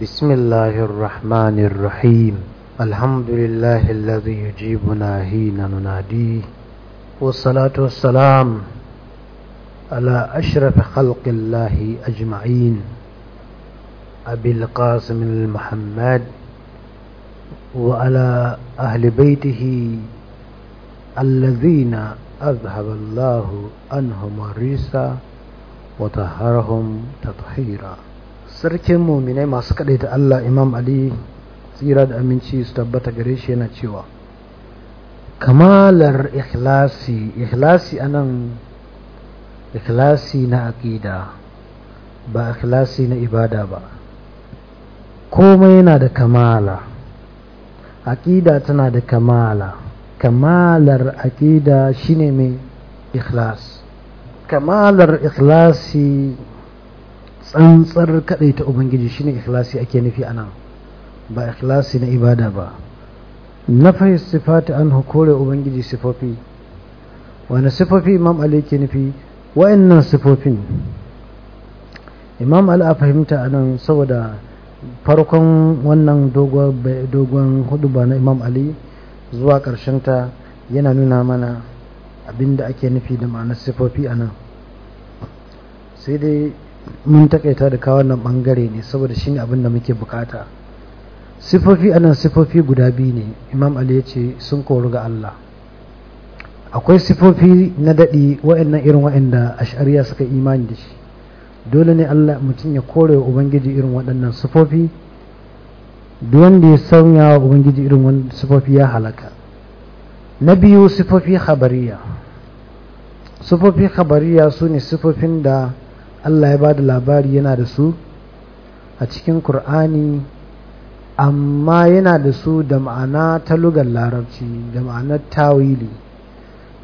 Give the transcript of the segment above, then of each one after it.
بسم الله الرحمن الرحيم الحمد لله الذي يجيبنا حين نناديه والصلاة والسلام على أشرف خلق الله أجمعين أبي القاسم المحمد وعلى أهل بيته الذين أذهب الله عنهم الرسى وطهرهم تطهيرا sarkin muminai masu kaɗai ta Allah imam Ali tsira da aminci su tabbata gare shi yana cewa kamalar ikhlasi ikhlasi anan ikhlasi na aƙida ba ikhlasi na ibada ba komai yana da kamala aƙida tana da kamala kamalar aƙida shine mai ikhlas kamalar ikhlasi tsantsar ta ubangiji shine ikhlasi ake nufi anan ba ikhlasi na ibada ba na fahimci sifati an hukure ubangiji sifofi wani sifofi imam ali ke nufi wa'annan sifofin imam ali a fahimta anan saboda farkon wannan dogon hudu ba na imam ali zuwa ta yana nuna mana abinda ake nufi da ma'anar sifofi anan sai dai mun takaita da kawo nan bangare ne saboda shi abin da muke bukata sifofi anan sifofi guda biyu ne imam ali ya ce sun koru ga Allah akwai sifofi na daɗi wa'annan irin wa'anda ashariya suka imani da shi dole ne Allah mutum ya kore wa ubangiji irin waɗannan sifofi duk wanda ya sanya wa ubangiji irin wannan sifofi ya halaka na biyu sifofi khabariya sifofi khabariya su ne sifofin da Allah ya ba da labari yana da su a cikin Kur'ani amma yana da su da ma'ana ta lugar larabci da ma'anar tawili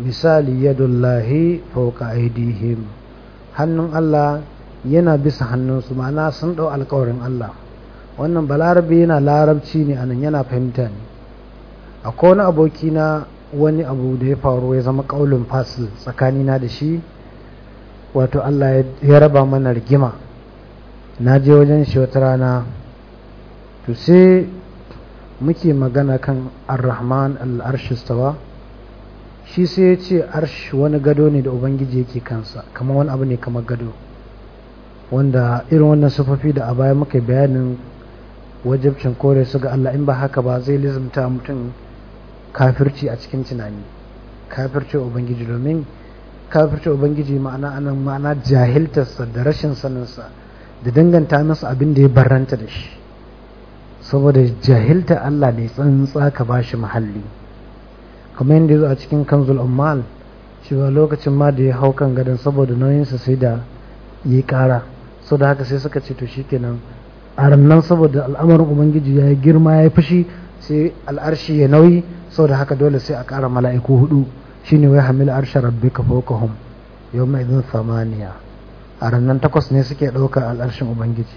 misali yadullahi fauka aidihim hannun Allah yana bisa hannunsu ma'ana sun ɗau alkawarin Allah wannan balarabe yana larabci ne anan yana fahimta ne a kone abokina wani abu da ya faru ya zama ƙaulin fasil tsakanina da shi wato Allah ya raba mana rigima na je wajen shi wata rana to sai muke magana kan ar-rahman al-arshistawa shi sai ya ce arsh wani gado ne da ubangiji yake kansa kama wani abu ne kamar gado wanda irin wannan sufafi da a baya muka bayanin wajibcin kore su ga Allah in ba haka ba zai lizumta mutum kafirci a cikin tunani kafirci ubangiji domin kafirta ubangiji ma'ana anan ma'ana jahiltarsa da rashin saninsa da danganta masa abin da ya barranta da shi saboda jahilta Allah ne tsantsa ka ba shi muhalli kamar yadda ya zo a cikin kanzul ummal cewa lokacin ma da ya hau kan gadon saboda nauyinsa sai da ya kara saboda haka sai suka ce to shikenan a saboda al'amarin ubangiji ya yi girma ya yi fushi sai al'arshi ya nauyi saboda haka dole sai a kara mala'iku hudu shine wai hamil arsha rabbika fawqahum yawma idhin samaniya a ranar takwas ne suke ɗaukar al'arshin ubangiji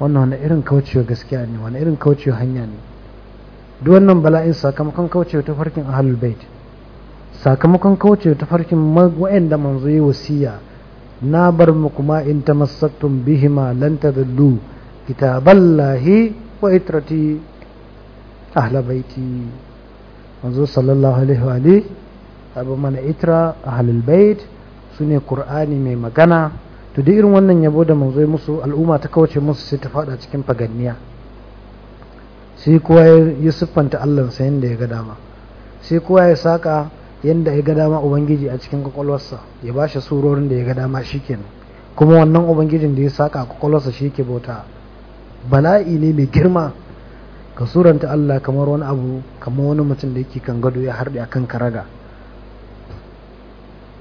wannan wani irin kaucewa gaskiya ne wani irin kaucewa hanya ne duk wannan bala'in sakamakon kaucewa ta farkin ahlul bait sakamakon kaucewa ta farkin wa'anda manzo yi wasiya na bar muku ma in tamassaktum bihima lan tadallu kitaballahi wa itrati ahla baiti manzo sallallahu alaihi wa alihi abin mana itra ahlul bait su ne qur'ani mai magana to duk irin wannan yabo da manzo musu al'umma ta kauce musu sai ta fada cikin faganniya sai kowa ya siffanta Allah sa yanda ya ga dama sai kowa ya saka yadda ya ga dama ubangiji a cikin kwakwalwarsa ya bashi surorin da ya ga dama shikenan kuma wannan ubangijin da ya saka a kwakwalwarsa shi ke bauta bala'i ne mai girma ka suranta Allah kamar wani abu kamar wani mutum da yake kan gado ya harɗe akan karaga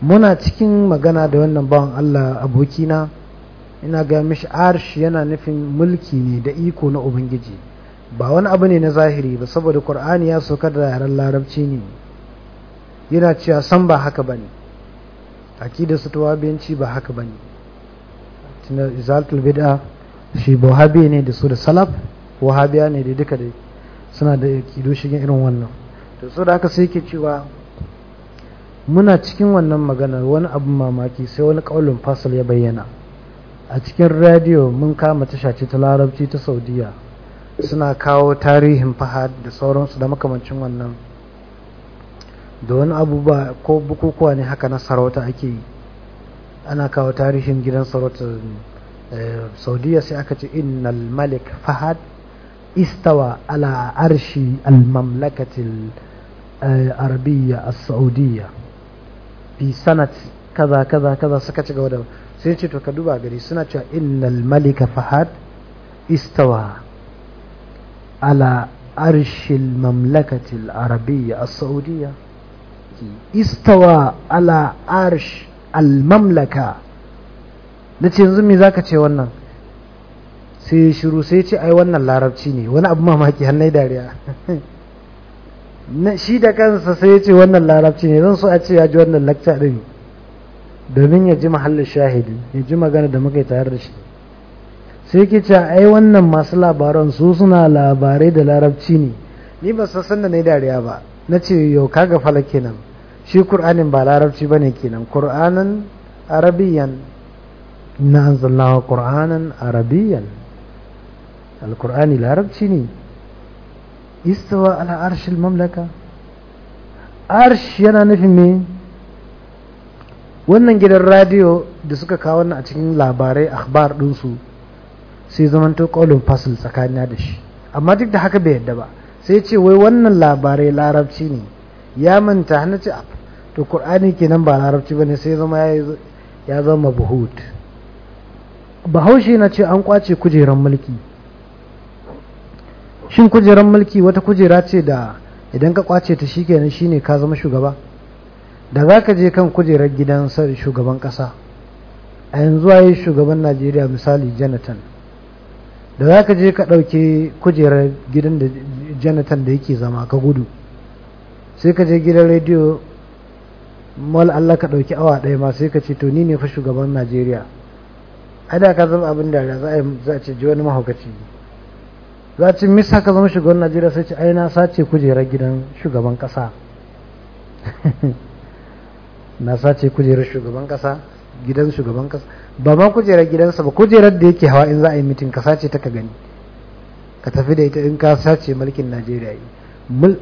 muna cikin magana da wannan bawan Allah abokina ina ga mishi arsh yana nufin mulki ne da iko na ubangiji ba wani abu ne na zahiri ba saboda qur'ani ya sauka da yaren larabci ne yana cewa san ba haka ne akida su tawabiyanci ba haka ne tunda izaltul bid'a shi buhabi ne da su da salaf wahabiya ne da duka da suna da kido shigin irin wannan to su da haka sai ke cewa muna cikin wannan maganar wani abu mamaki sai wani ƙaunin fasil ya bayyana a cikin radiyo mun kama ce ta larabci ta saudiya suna kawo tarihin fahad da sauransu da makamancin wannan da wani abu ba ko bukukuwa ne haka na sarauta ake yi ana kawo tarihin gidan sarauta eh, saudiya sai aka ce innal malik fahad istawa ala arshi al-mamlakatil eh, arabiyya a saudiyya fi sanat kaza kaza kaza suka ci gaba da sai ce to ka duba gari suna cewa innal malika fahad istawa ala arshil mamlakatil arabiyya a saudiyya istawa ala arsh al-mamlaka nace yanzu me zaka ce wannan sai shiru sai ce ai wannan larabci ne wani abu mamaki hannai dariya shi da kansa sai ya ce wannan larabci ne zan so a ce ya ji wannan lakta ɗin domin ya ji mahallin shahidi ya ji magana da muka yi tare da shi sai ke ce ai wannan masu labaran su suna labarai da larabci ne ni ba san san da na yi dariya ba na ce yau kaga fala kenan shi kur'anin ba larabci ba ne kenan kur'anin arabiyan na zallawa kur'anin arabiyan kurani larabci ne istawa ala arshil mamlaka arsh yana nufin me wannan gidan radiyo da suka kawo wannan a cikin labarai akhbar ɗinsu sai zamanto ƙaunin fasil tsakanin da shi amma duk da haka bai yadda ba sai ce wai wannan labarai larabci ne ya manta hana ce to ƙur'ani kenan ba larabci ba ne sai zama ya zama buhut bahaushe na ce an kwace kujeran mulki shin kujerar mulki wata kujera ce da idan ka kwace ta shi shikenan shine ka zama shugaba da za ka je kan kujerar gidan shugaban kasa a yanzu yi shugaban najeriya misali jonathan da za ka je ka ɗauke kujerar gidan da jonathan da yake zama ka gudu sai ka je gidan rediyo mal allah ka ɗauki awa ɗaya ma sai ka ce to ni ne fa shugaban najeriya da ka zama abin da za a ce ji wani mahaukaci za ci mis ka zama shugaban najeriya sai ce aina na sace kujerar gidan shugaban kasa na sace kujerar shugaban kasa gidan shugaban kasa ba ma kujerar gidansa ba kujerar da yake hawa in za a yi mitin ka sace ta ka gani ka tafi da ita in ka sace mulkin najeriya yi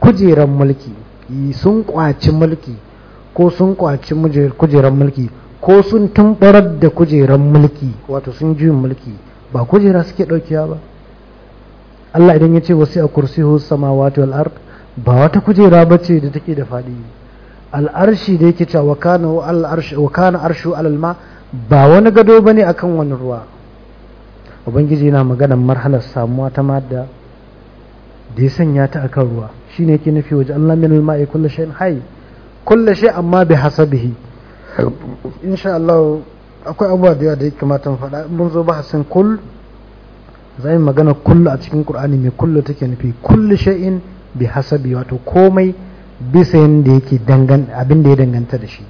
kujerar mulki sun kwaci mulki ko sun kwaci kujerar mulki ko sun tumbarar da kujerar mulki wato sun juyin mulki ba kujera suke ɗaukewa ba Allah idan ya ce wasu a kursi samawati wal ard ba wata kujera ba ce da take da faɗi al'arshi da yake cewa wa kana arshu alalma ba wani gado ba bane akan wani ruwa ubangiji yana maganar marhalar samuwa ta madda da ya sanya ta akan ruwa shine yake nufi waje Allah min alma mai kulle shay'in hai kulle shi amma hasa bihi insha Allah akwai abubuwa da yawa da ya kamata mu faɗa mun zo ba hasin kul. Za yi magana kullu a cikin ƙur'ani mai kullu take nufi kullu sha'in bi hasabi wato komai bisa yanda yake abin da ya danganta da shi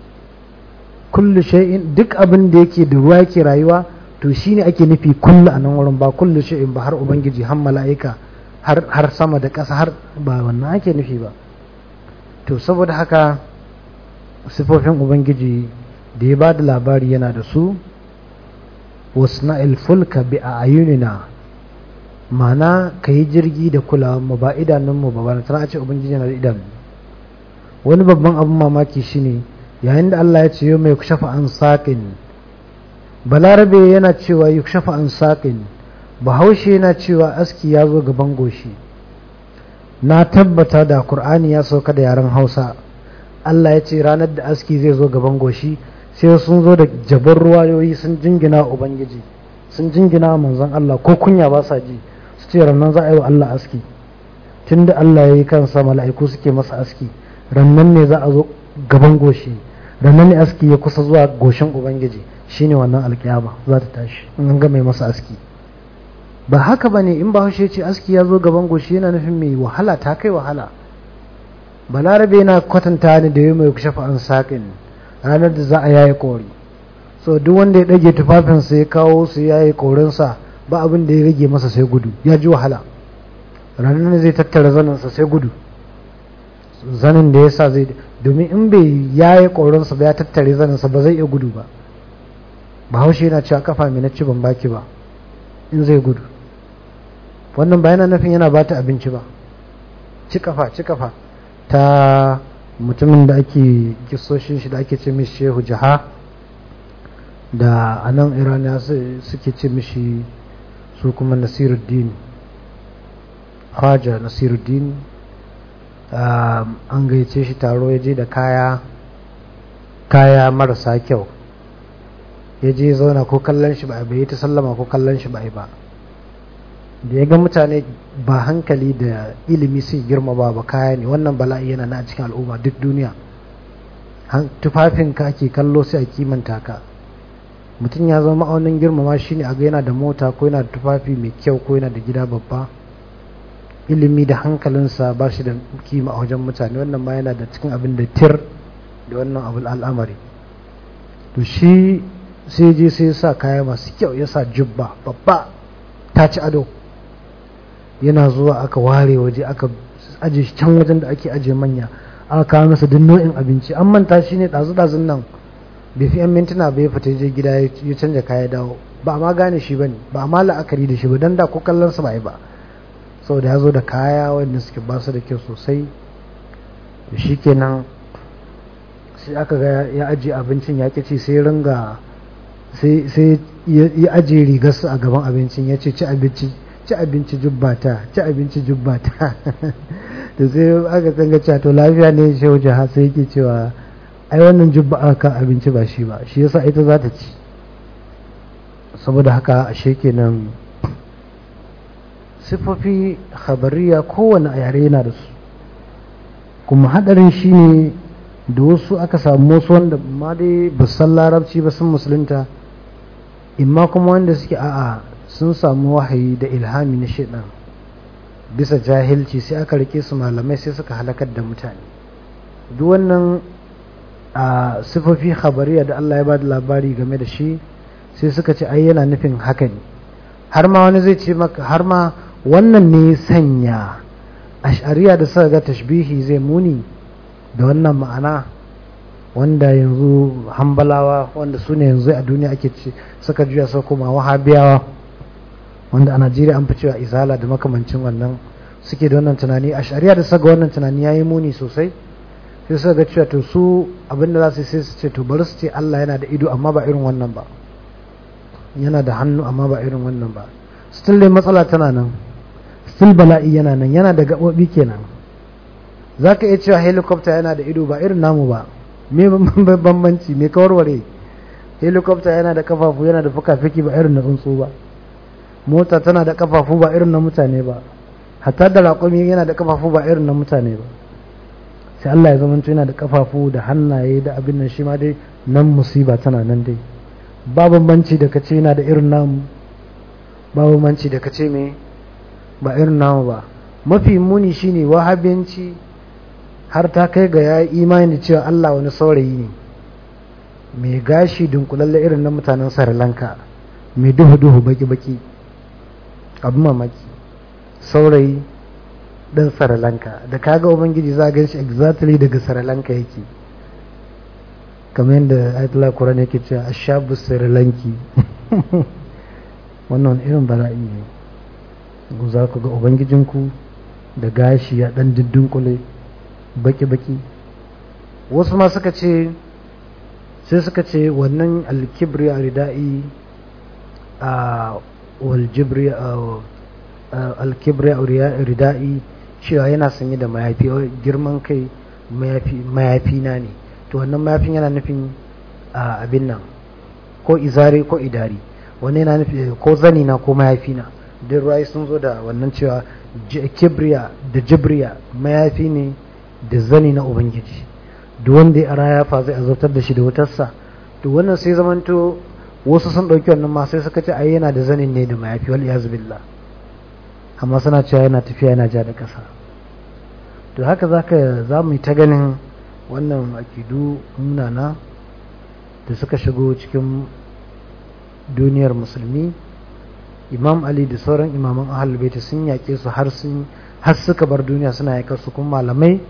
kullu sha'in duk abin da yake da ruwa yake rayuwa to shi ne ake nufi kullu a nan wurin ba kullu sha'in ba har ubangiji har mala'ika har sama da ƙasa har ba wannan ake nufi ba to saboda haka sifofin ubangiji da ya ba da labari yana da su wasna'il fulka bi a ayunina mana ka yi jirgi da kula mu ba idanunmu ba wani tana ce ubangiji yana da idanu wani babban abin mamaki shi shine yayin da Allah ya ce yau mai shafa an saƙin balarabe yana cewa yi shafa an saƙin bahaushe yana cewa aski ya zo gaban goshi na tabbata da ƙur'ani ya sauka da yaren hausa Allah ya ce ranar da aski zai zo gaban goshi sai sun zo da jabar ruwayoyi sun jingina ubangiji sun jingina manzon Allah ko kunya ba sa ji ce rannan za a yi wa Allah aski tunda Allah ya yi kansa mala'iku suke masa aski rannan ne za a zo gaban goshi rannan ne aski ya kusa zuwa goshin ubangiji shine wannan alkiyama za ta tashi in ga mai masa aski ba haka ba ne in ba haushe ce aski ya zo gaban goshi yana nufin mai wahala ta kai wahala balarabe yana kwatanta ni da yi mai shafa an saƙin ranar da za a yaye kori so duk wanda ya ɗage tufafinsa ya kawo su yayi korinsa ba abin da ya rage masa sai gudu ya ji wahala ranar da zai tattara zanensa sai gudu zanen da ya sa zai domin in bai ya yi ƙorinsa ba ya tattare zanensa ba zai iya gudu ba bahaushe yana cewa kafa mai na ci ban baki ba in zai gudu wannan ba yana nufin yana bata abinci ba ci kafa ci kafa ta mutumin da ake kisoshin shi da ake ce mishi shehu jaha da anan nan suke ce mishi su kuma nasiruddin haja nasiruddin an gaice shi taro ya je da kaya kaya marasa kyau ya je zauna ko kallon shi ba bai ta sallama ko kallon shi ba ba da ya ga mutane ba hankali da ilimi sun girma ba ba kaya ne wannan bala'i yana na cikin al'umma duk duniya tufafin ka ke kallo sai a kimanta ka mutum ya zama ma'aunin girmama shi ne a ga yana da mota ko yana da tufafi mai kyau ko yana da gida babba ilimi da hankalinsa ba shi da kima a wajen mutane wannan ma yana da cikin abin da tir da wannan abin al'amari to shi sai je sai sa kaya masu kyau ya sa jubba babba ta ci ado yana zuwa aka ware waje aka aje can wajen da ake aje manya aka kawo masa duk nau'in abinci an manta shi ne ɗazu-ɗazun nan bai fi 'yan mintuna bai fita je gida ya canja kaya dawo ba ma gane shi ba ne ba ma la'akari da shi ba don da ko kallon su ba sau ba saboda ya zo da kaya wanda suke ba su da kyau sosai da shi kenan sai aka ga ya ajiye abincin ya ci sai ringa sai ya ajiye rigarsu a gaban abincin ya ce ci abinci ci abinci jubbata ci abinci jubbata da sai aka tsanga cato to lafiya ne shehu wajen sai yake cewa ai wannan jubba'a kan abinci ba shi ba shi yasa ita za ta ci saboda haka ashe kenan siffofi khabariya kowane yare yana da su kuma hadarin shi ne da wasu aka samu wasu wanda ma dai ba san larabci ba sun musulunta imma kuma wanda suke a'a sun samu wahayi da ilhami na shaidan bisa jahilci sai aka rike su malamai sai suka halakar da mutane duk wannan a sifofi habariya da Allah ya ba da labari game da shi sai suka ce ai yana nufin haka ne har ma wani zai ce maka har ma wannan ne sanya shari'a da suka ga tashbihi zai muni da wannan ma'ana wanda yanzu hambalawa wanda su ne yanzu a duniya ake ce suka juya sau kuma wahabiyawa wanda a najeriya an fi cewa izala da makamancin wannan suke da wannan tunani shari'a da suka ga wannan tunani ya yi muni sosai sai suka ga cewa to su abinda za su yi sai su ce to bari su ce Allah yana da ido amma ba irin wannan ba yana da hannu amma ba irin wannan ba still dai matsala tana nan still bala'i yana nan yana da gaɓoɓi kenan za ka iya cewa helicopter yana da ido ba irin namu ba me bambanci me kawarware helicopter yana da kafafu yana da fuka-fiki ba irin na tsuntsu ba mota tana da kafafu ba irin na mutane ba hatta da raƙumi yana da kafafu ba irin na mutane ba sai Allah ya zama yana da kafafu da hannaye da abin nan shi ma dai nan musiba tana nan dai ba bambanci da kace yana da irin namu ba bambanci da kace me ba irin namu ba mafi muni shine wahabiyanci har ta kai ga ya imani cewa Allah wani saurayi ne mai gashi dunkulalle irin na mutanen Sri Lanka mai duhu duhu baki baki abin mamaki saurayi dan Sri Lanka da kaga ubangiji za gan shi exactly daga Sri Lanka yake kamar yadda Ayatollah Quran yake cewa ashabu Sri Lanki wannan irin bala'i ne ku za ku ga ubangijinku da gashi ya dan diddinkule baki-baki wasu ma suka ce sai suka ce wannan alkibri a rida'i a waljibri a alkibri a rida'i cewa yana sanye da mayafi girman kai mayafi na ne to wannan mayafin yana nufin abin nan ko izare ko idari wani yana nufin eh, ko zani na ko mayafi na duk ruwayi sun zo da wannan cewa kibriya da jibriya mayafi ne da zani na ubangiji duk wanda ya raya fa zai azabtar da shi da wutarsa to wannan sai zamanto wasu sun ɗauki wannan ma sai suka ce ai yana da zanin ne da mayafi wal iyaz billah amma suna cewa yana tafiya yana ja da ƙasa to haka ka za mu yi ta ganin wannan akidu munana da suka shigo cikin duniyar musulmi imam ali da sauran imaman ahalbaita sun yaƙe su har sun har suka bar duniya suna yaƙar su kuma malamai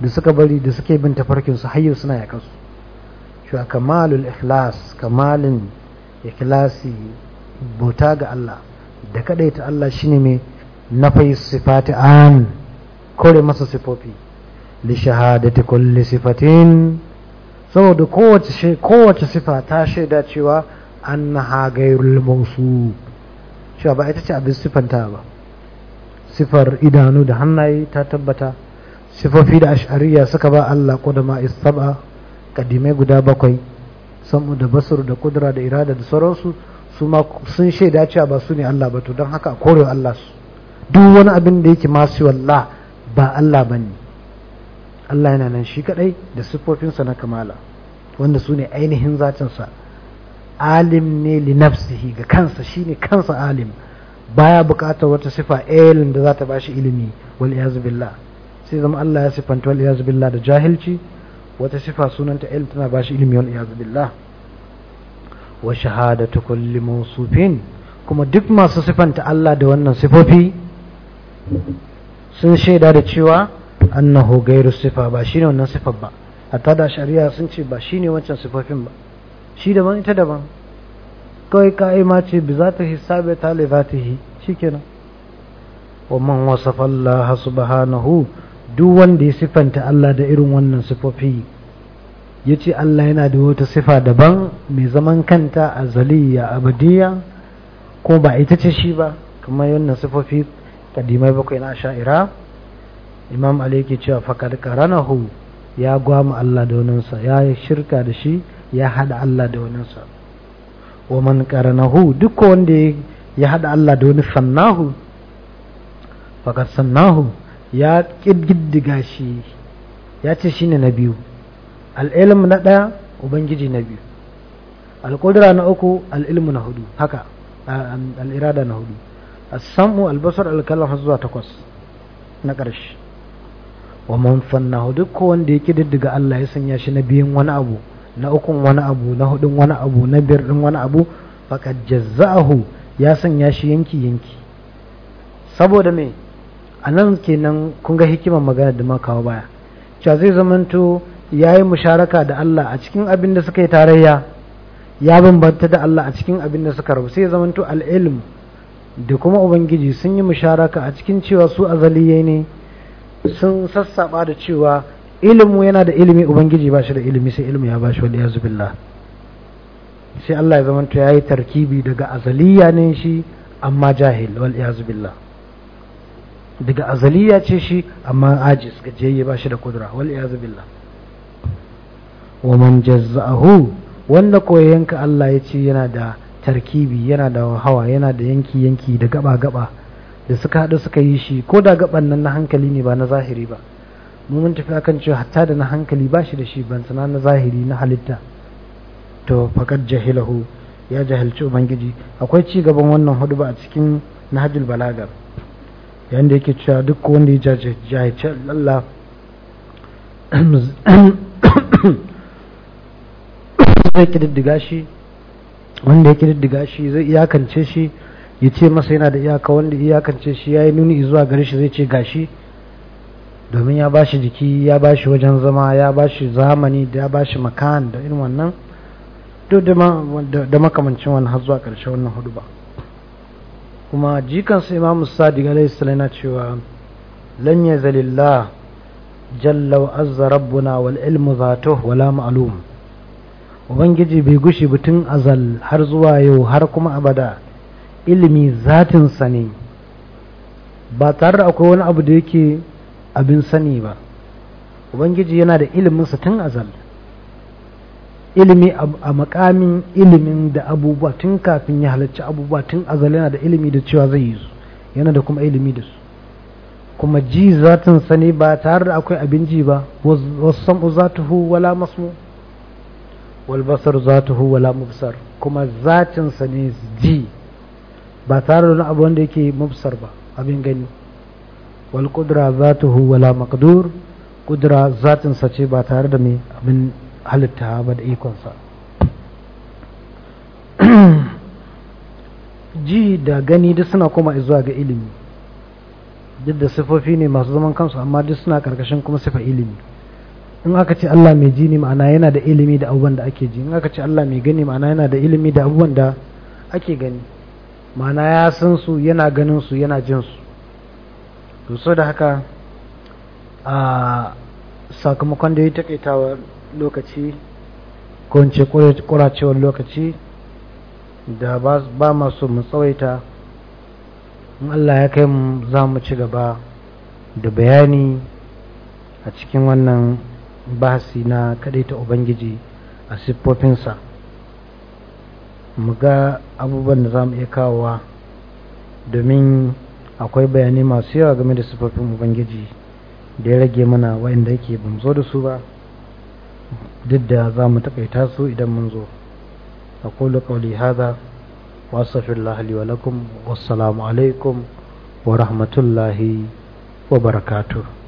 da suka bari da suke bin tafarkin su har suna yaƙar su shi kamalul ikhlas kamalin ikhlasi bauta ga Allah da ta Allah shine mai na fai sifati an kore masa sifofi li shahadati kulli sifatin saboda kowace kowace sifa ta shaida cewa annaha gairul mawsu cewa ba ita ce abin sifanta ba sifar idanu da hannaye ta tabbata sifofi da ash'ariya suka ba Allah qudama is-sab'a kadimai guda bakwai samu da basur da kudura da irada da sauransu su ma sun shaida cewa ba su ne Allah ba to don haka korewa Allah su duk wani abin da yake masu wallah ba Allah ba ne Allah yana nan shi kadai da siffofinsa na kamala wanda su ne ainihin zatinsa alim ne li nafsihi ga kansa shi ne kansa alim baya bukatar wata sifa elin da za ta ba ilimi wal billah sai zama Allah ya siffanta wal billah da jahilci wata sifa sunanta ilm tana ba shi ilimi wal billah wa shahadatu kulli mawsufin kuma duk masu sifanta Allah da wannan sifofi sun shaida da cewa annahu gairu sifa ba shine wannan sifar ba hatta da shari'a sun ce ba shine wancan sifofin ba shi daban ita daban kawai ka'ima ce bi za ta hisabe ta le za ta yi shikenan wa man wasafa Allah subhanahu duk wanda ya sifanta Allah da irin wannan sifofi yace Allah yana da wata sifa daban mai zaman kanta azaliya abadiya ko ba ita ce shi ba kamar wannan sifofi kadimai bakwai na sha'ira imam ali ke cewa fakar karanahu ya gwama Allah da waninsa ya shirka da shi ya hada Allah da waninsa wa man karanahu duk wanda ya hada Allah da wani sannahu fakar sannahu ya kididdiga shi ya ce shi ne na biyu al'ilm na ɗaya ubangiji na biyu alƙudura na uku al'ilmu na hudu haka al'irada na hudu as-sam'u al-basar har zuwa takwas na ƙarshe wa man fannahu duk wanda ya kididdiga Allah ya sanya shi na biyun wani abu na ukun wani abu na hudun wani abu na biyar din wani abu faqad jazza'ahu ya sanya shi yanki yanki saboda me anan kenan kun ga hikimar magana da makawa baya cewa zai zamanto yi musharaka da Allah a cikin abin da suka yi tarayya ya bambanta da Allah a cikin abin da suka rabu sai zamanto al da kuma ubangiji sun yi musharaka a cikin cewa su azaliye ne sun sassaba da cewa ilimu yana da ilimi ubangiji ba shi da ilimi sai ilimi ya ba shi waliya zubilla sai Allah ya zamanta ya yi tarkibi daga azaliya ne shi amma jahil waliya zubilla daga azaliya ce shi amma ajis gajiyayye ba shi da kudura waliya zubilla wa man jazza'ahu wanda koyayyanka Allah ya ce yana da tarkibi yana da hawa yana da yanki yanki da gaba gaba da suka haɗu suka yi shi ko da gaban nan na hankali ne ba na zahiri ba mu mun tafi akan cewa hatta da na hankali ba shi da shi ban sana na zahiri na halitta to fakat jahilahu ya jahilci ubangiji akwai ci gaban wannan hudu ba a cikin nahajul balagar yanda yake cewa duk wanda ya jahilci Allah zai kididdiga shi wanda ya kididdiga shi zai iyakance shi ya ce masa yana da iyaka wanda iyakance shi ya yi nuni zuwa gare shi zai ce gashi domin ya ba shi jiki ya ba shi wajen zama ya ba shi zamani da ya ba shi makan da irin wannan duk da makamancin wani har zuwa ƙarshe wannan hudu ba kuma jikansa imamu sadiq alaihi salam na cewa lan zalilla jalla azza rabbuna wal ilmu zato wala ma'lum ubangiji bai gushi tun azal har zuwa yau har kuma abada ilimi zatin sani ba tare da akwai wani abu da yake abin sani ba ubangiji yana da iliminsa tun azal ilimi a makamin ilimin da abubuwa tun kafin ya halarci abubuwa tun azal yana da ilimi da cewa zai yi su yana da kuma ilimi da su kuma ji zatin sani ba tare da akwai abin ji ba wasu sam'u zatuhu wala masu walbasar zatuhu wala mubsar kuma zatinsa ne ji ba tare da abu wanda yake mubsar ba abin gani wal kudra zatuhu wala maqdur kudra zatinsa ce ba tare da mai abin halitta ba da ikonsa ji da gani duk suna koma zuwa ga ilimi duk da sifofi ne masu zaman kansu amma duk suna karkashin kuma sifa ilimi in aka ce Allah mai ji ne ma'ana yana da ilimi da abubuwan da ake ji in aka ce Allah mai gani ma'ana yana da ilimi da abubuwan da ake gani ma'ana ya san su yana ganin su yana jin su to so da haka a sakamakon da ya takaitawa lokaci ko in ce kuracewar lokaci da ba masu mu tsawaita in Allah ya kai mu za mu ci gaba da bayani a cikin wannan basi na ta ubangiji a siffofinsa mu ga abubuwan da za mu iya kawowa domin akwai bayanai masu yawa game da siffofin ubangiji da ya rage mana waɗanda yake bamu zo da su ba duk da za mu takaita su idan mun zo أقول قولي هذا wa الله لي ولكم alaikum wa rahmatullahi wa وبركاته